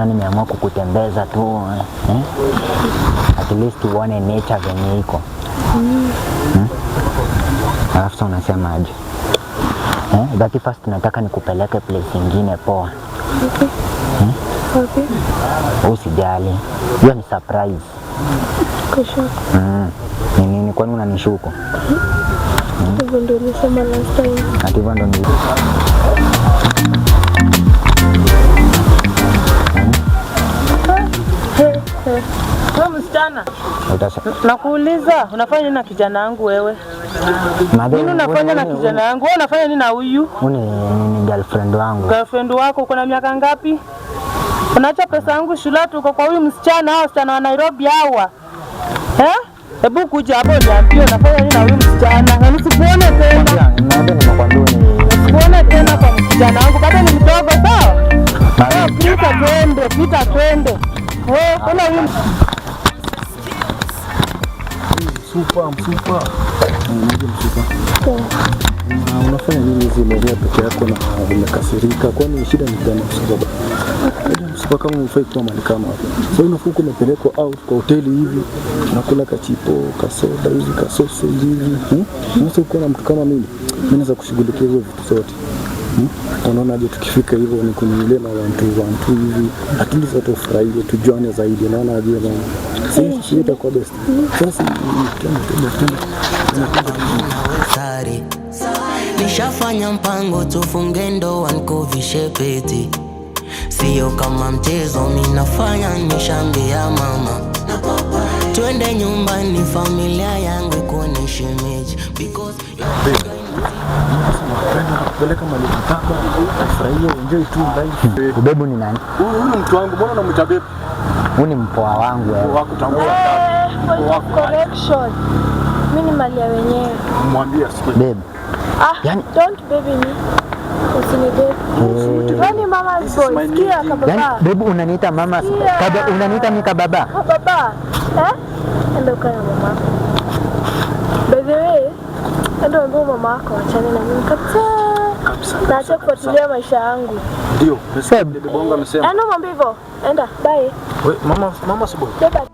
maana nimeamua kukutembeza tu eh? eh? At least uone nature venye iko mm. hmm? Alafu sa unasemaje eh? That first nataka nikupeleke place ingine poa okay. hmm? okay. Usijali, hiyo ni surprise mm. Ni nini kwani unanishuku? Hivyo ndo nilisema last time. Hivyo ni kijana, nakuuliza unafanya nini na kijana wangu wewe? Nini unafanya na kijana wangu wewe? Unafanya nini na huyu? Ni girlfriend wangu. Girlfriend wako uko na miaka ngapi? Unaacha pesa yangu shula uko kwa huyu msichana, au wasichana wa Nairobi hawa eh? Hebu kuja hapo niambie unafanya nini na huyu msichana, na nisikuone tena, nisikuone tena kwa msichana wangu, bado ni mdogo sawa? Pita twende, pita twende. Wewe kuna huyu msupa msupa, ah, unaje msupa? unafanya nini hizi peke yako na umekasirika? Kwani shida ni gani yaani msupa? Msupa kama unafai kuwa mali kama hapo. Sasa unafaa umepelekwa out kwa hoteli hivi, unakula kachipo, kasoda hivi, kasose hivi. Hmm? Unaweza kuwa na mtu kama mimi. Mimi naweza kushughulikia hizo vitu zote. Hmm? Unaonaje tukifika hivyo ni kwenye ile wantu wantu hivi, lakini sasa tufurahie, tujuane zaidi. naona je, bana? Sisi best. Sasa nishafanya mpango tufunge ndoa vishepeti, sio kama mchezo minafanya, nishambia mama twende nyumbani, familia yangu iko ni shemeji because Ubebu ni nani? Huyu mtu wangu, mbona unamwita bebu? Huyu ni mpoa wangu eh, mimi ni mali ya wenyewe. Mwambie asikie. Bebu. Ah, yani don't baby me. Usinibebu. Eh. Yaani boy. Yaani, sikia kababa. unaniita mama. Kababa unaniita mimi kababa. Kababa. Eh? Ndio kana mama. wako, achane na mimi kabisa na kufuatilia maisha yangu. Ndio, ndio. mwambie eh, hivyo. Enda, bye. Wewe mama, mama sibo. Bye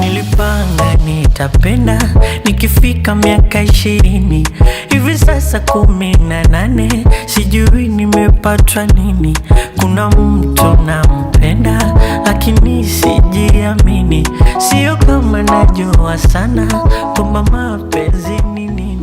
Nilipanga nitapenda nikifika miaka ishirini, hivi sasa kumi na nane, sijui nimepatwa nini. Kuna mtu nampenda, lakini sijiamini, sio kama najua sana kwamba mapenzi nini